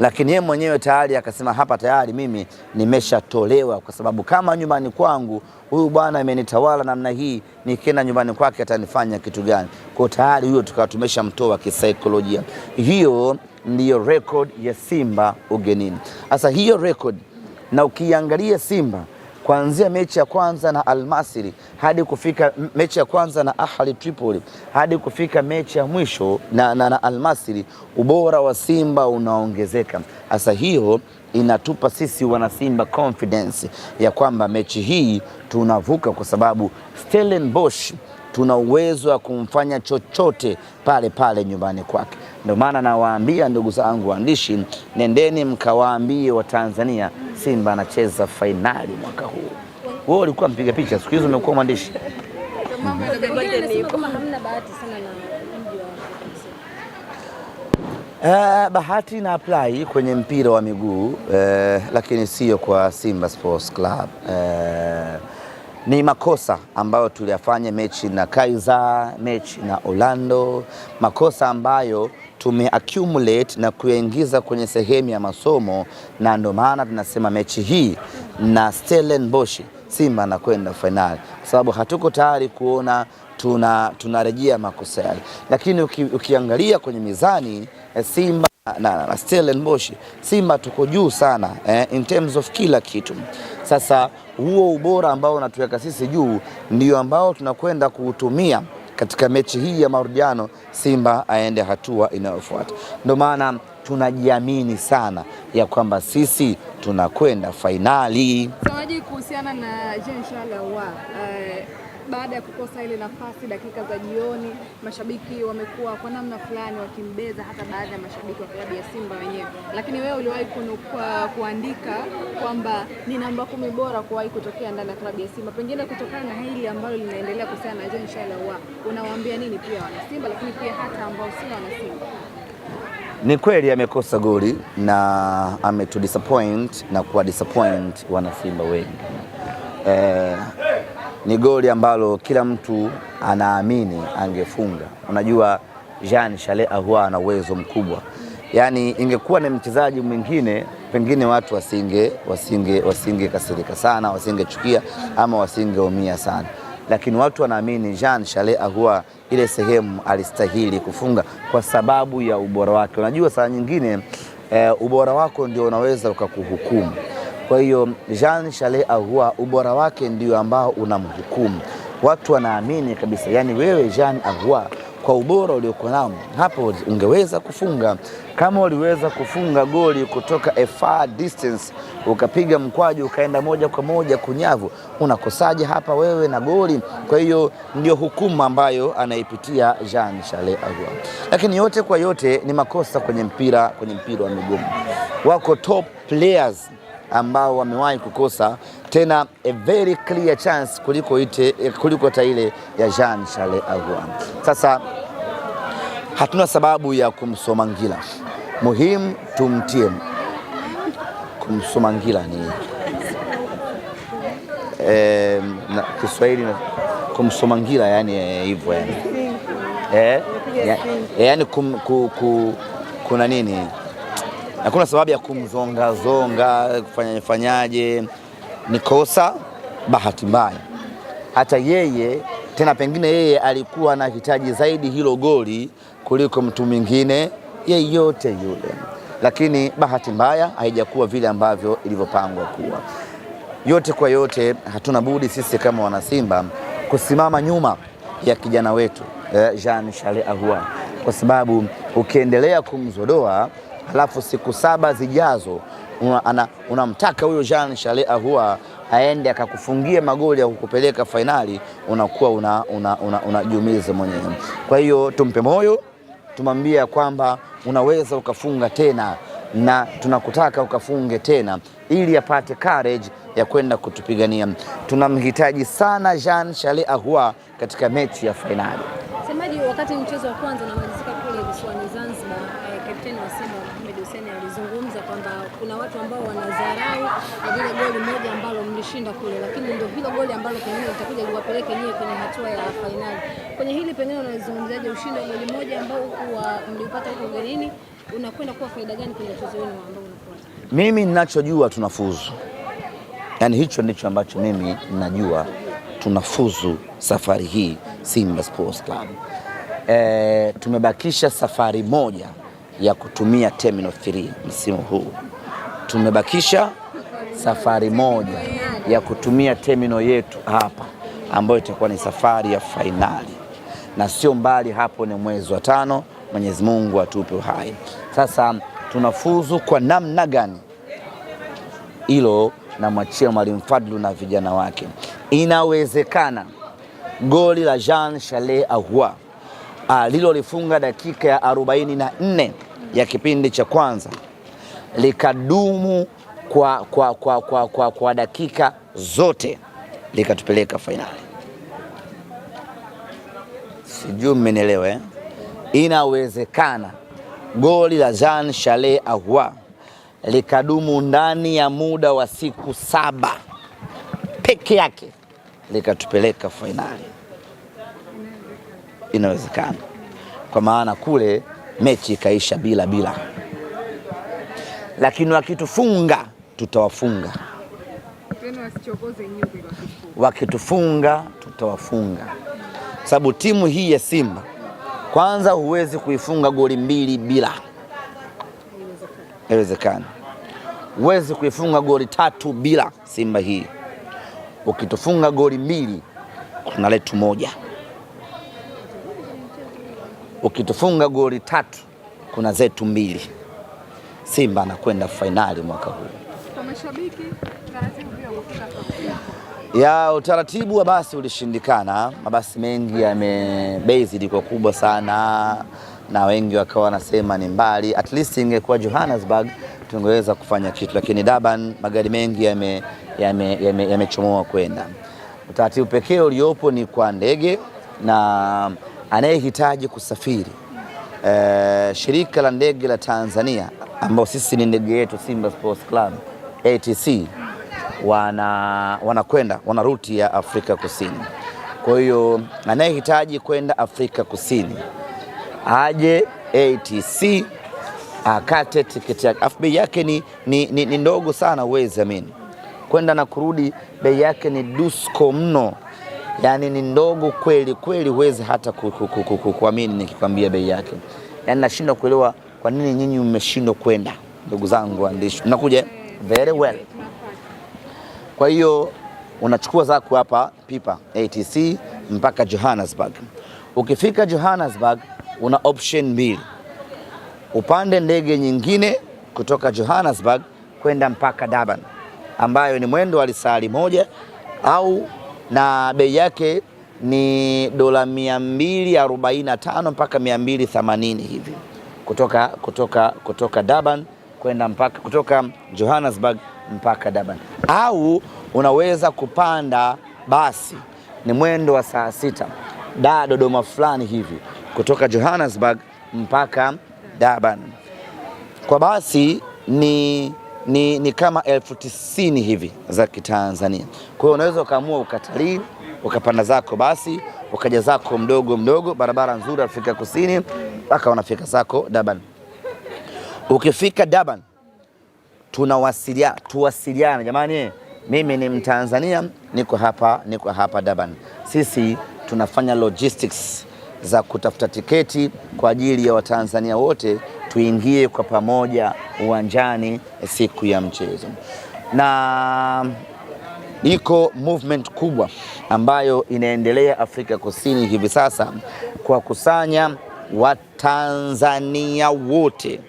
lakini yeye mwenyewe tayari akasema hapa tayari mimi nimeshatolewa, kwa sababu kama nyumbani kwangu huyu bwana amenitawala namna hii, nikienda nyumbani kwake atanifanya kitu gani? Kwa tayari huyo tukawa tumeshamtoa kisaikolojia. Hiyo ndiyo record ya Simba ugenini. Sasa hiyo record na ukiangalia Simba kuanzia mechi ya kwanza na Almasiri hadi kufika mechi ya kwanza na Ahli Tripoli hadi kufika mechi ya mwisho na, na, na Almasiri, ubora wa Simba unaongezeka. Sasa hiyo inatupa sisi wanasimba confidence ya kwamba mechi hii tunavuka, kwa sababu Stellenbosch tuna uwezo wa kumfanya chochote pale pale nyumbani kwake. Ndio maana nawaambia ndugu zangu waandishi, nendeni mkawaambie Watanzania Simba anacheza fainali mwaka huu. Wewe ulikuwa mpiga picha, siku hizo umekuwa mwandishi. Uh, bahati na apply kwenye mpira wa miguu uh, lakini sio kwa Simba Sports Club. Uh, ni makosa ambayo tuliyafanya mechi na Kaizer, mechi na Orlando, makosa ambayo tumeaccumulate na kuyaingiza kwenye sehemu ya masomo, na ndio maana tunasema mechi hii na Stellenbosch Simba anakwenda fainali, kwa sababu hatuko tayari kuona tunarejea tuna makosa yake, lakini uki, ukiangalia kwenye mizani eh, Simba na, na Stellenbosch Simba tuko juu sana eh, in terms of kila kitu. Sasa huo ubora ambao unatuweka sisi juu ndio ambao tunakwenda kuutumia katika mechi hii ya marudiano Simba aende hatua inayofuata. Ndio maana tunajiamini sana ya kwamba sisi tunakwenda fainali. kuhusiana na Jean Charles Ahoua baada ya kukosa ile nafasi dakika za jioni, mashabiki wamekuwa kwa namna fulani wakimbeza, hata baadhi ya mashabiki wa klabu ya Simba wenyewe. Lakini wewe uliwahi kuandika kwamba ni namba kumi bora kuwahi kutokea ndani ya klabu ya Simba, pengine kutokana na hili ambalo linaendelea kuhusiana na Jean Charles unawaambia nini pia wanasimba, lakini pia hata ambao sio wanasimba? Ni kweli amekosa goli na disappoint na kuwa disappoint wanasimba wengi eh, ni goli ambalo kila mtu anaamini angefunga. Unajua Jean Charles Ahoua ana uwezo mkubwa, yaani ingekuwa ni mchezaji mwingine pengine watu wasinge wasinge wasingekasirika sana, wasingechukia ama wasingeumia sana, lakini watu wanaamini Jean Charles Ahoua ile sehemu alistahili kufunga kwa sababu ya ubora wake. Unajua saa nyingine e, ubora wako ndio unaweza ukakuhukumu. Kwa hiyo Jean Charles Ahoua ubora wake ndio ambao unamhukumu. Watu wanaamini kabisa, yaani wewe Jean Ahoua kwa ubora uliokuwa nao hapo ungeweza kufunga. Kama uliweza kufunga goli kutoka a far distance, ukapiga mkwaju ukaenda moja kwa moja kunyavu, unakosaje hapa wewe na goli? Kwa hiyo ndio hukumu ambayo anaipitia Jean Charles Ahoua, lakini yote kwa yote ni makosa kwenye mpira, kwenye mpira wa miguu. Wako top players ambao wamewahi kukosa tena a very clear chance kuliko ite, kuliko hata ile ya Jean Charles Ahoua. Sasa hatuna sababu ya kumsoma ngila, muhimu tumtie. Kumsoma ngila ni e, na Kiswahili kumsoma ngila yani eh, hivyo yani, e, yani kum, ku, ku, kuna nini hakuna sababu ya kumzongazonga kufanya fanyaje, ni kosa bahati mbaya. Hata yeye tena, pengine yeye alikuwa na hitaji zaidi hilo goli kuliko mtu mwingine yeyote yule, lakini bahati mbaya haijakuwa vile ambavyo ilivyopangwa kuwa. Yote kwa yote, hatuna budi sisi kama wanasimba kusimama nyuma ya kijana wetu eh, Jean Charles Ahoua, kwa sababu ukiendelea kumzodoa halafu siku saba zijazo unamtaka una huyo Jean Charles Ahoua aende akakufungia magoli ya kukupeleka fainali, unakuwa unajiumiza una, una mwenyewe. Kwa hiyo tumpe moyo, tumwambia kwamba unaweza ukafunga tena na tunakutaka ukafunge tena ili apate courage ya kwenda kutupigania. Tunamhitaji sana Jean Charles Ahoua katika mechi ya fainali. Semaji wakati mchezo wa kwanza na kule visiwani Zanzibar, eh, Kapteni wa Simba Mohamed Hussein alizungumza kwamba kuna watu ambao wanadharau lile goli moja ambalo mlishinda kule, lakini ndio hilo goli ambalo pengine litakuja kuwapeleka nyie kwenye hatua ya fainali. Kwenye hili pengine unazungumzaje ushindi wa goli moja ambao mliupata huko ugenini, unakwenda kuwa faida gani kwenye mchezo wenu ambao unafuata? Mimi ninachojua tunafuzu, yaani hicho ndicho ambacho mimi ninajua tunafuzu safari hii Simba Sports Club e, tumebakisha safari moja ya kutumia Terminal 3 msimu huu. Tumebakisha safari moja ya kutumia terminal yetu hapa ambayo itakuwa ni safari ya fainali, na sio mbali hapo, ni mwezi wa tano. Mwenyezi Mungu atupe uhai. Sasa tunafuzu kwa namna gani? Hilo namwachia Mwalimu Fadlu na vijana wake. Inawezekana goli la Jean Charles Ahoua alilolifunga ah, dakika ya 44 ya kipindi cha kwanza likadumu kwa, kwa, kwa, kwa, kwa, kwa dakika zote likatupeleka fainali. Sijui mmenielewa eh? Inawezekana goli la Jean Charles Ahoua likadumu ndani ya muda wa siku saba peke yake likatupeleka fainali inawezekana, kwa maana kule mechi ikaisha bila bila, lakini wakitufunga tutawafunga, wakitufunga tutawafunga, sababu timu hii ya Simba kwanza, huwezi kuifunga goli mbili bila, inawezekana. Huwezi kuifunga goli tatu bila Simba hii, ukitufunga goli mbili tunaletu moja ukitufunga goli tatu kuna zetu mbili, Simba anakwenda fainali mwaka huu. Ya utaratibu wa basi ulishindikana, mabasi mengi yamebezi kwa kubwa sana, na wengi wakawa wanasema ni mbali. At least ingekuwa Johannesburg tungeweza kufanya kitu, lakini Durban magari mengi yamechomoa yame, yame, yame kwenda. Utaratibu pekee uliopo ni kwa ndege na anayehitaji kusafiri e, shirika la ndege la Tanzania ambao sisi ni ndege yetu Simba Sports Club ATC wana wanakwenda wana ruti ya Afrika Kusini. Kwa hiyo anayehitaji kwenda Afrika Kusini aje ATC akate tiketi yake, afu bei yake ni, ni, ni, ni ndogo sana, uwezi amini kwenda na kurudi, bei yake ni dusko mno yani ni ndogo kweli kweli, huwezi hata kuamini nikikwambia bei yake. Yani nashindwa kuelewa kwa nini nyinyi mmeshindwa kwenda, ndugu zangu waandishi. Nakuja very well. Kwa hiyo unachukua zako hapa pipa ATC mpaka Johannesburg. Ukifika Johannesburg, una option mbili, upande ndege nyingine kutoka Johannesburg kwenda mpaka Durban ambayo ni mwendo wa lisali moja au na bei yake ni dola 245 mpaka 280 hivi kutoka, kutoka, kutoka Durban kwenda mpaka kutoka Johannesburg mpaka Durban, au unaweza kupanda basi, ni mwendo wa saa sita da Dodoma fulani hivi kutoka Johannesburg mpaka Durban. Kwa basi ni ni, ni kama elfu tisini hivi za Kitanzania. Kwa hiyo unaweza ukaamua ukatalii ukapanda zako basi ukaja zako mdogo mdogo, barabara nzuri Afrika Kusini, mpaka unafika zako Durban. Ukifika Durban tunawasilia tuwasiliana, jamani, mimi ni Mtanzania, niko hapa niko hapa Durban. Sisi tunafanya logistics za kutafuta tiketi kwa ajili ya Watanzania wote tuingie kwa pamoja uwanjani siku ya mchezo, na iko movement kubwa ambayo inaendelea Afrika Kusini hivi sasa kwa kusanya Watanzania wote